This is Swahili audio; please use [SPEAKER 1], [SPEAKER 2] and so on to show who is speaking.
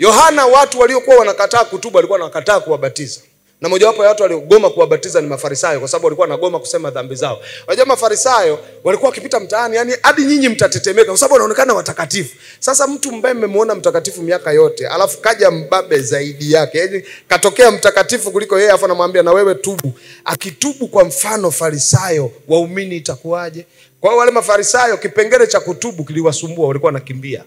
[SPEAKER 1] yohana watu waliokuwa wanakataa kutubu walikuwa wanakataa kuwabatiza na mojawapo ya watu waliogoma kuwabatiza ni mafarisayo kwa sababu walikuwa wanagoma kusema dhambi zao unajua mafarisayo walikuwa wakipita mtaani yani hadi nyinyi mtatetemeka kwa sababu wanaonekana watakatifu sasa mtu mbaye mmemwona mtakatifu miaka yote alafu kaja mbabe zaidi yake yani katokea mtakatifu kuliko yeye afu anamwambia na wewe tubu akitubu kwa mfano farisayo waumini itakuwaje kwa hiyo wale mafarisayo kipengele cha kutubu kiliwasumbua walikuwa wanakimbia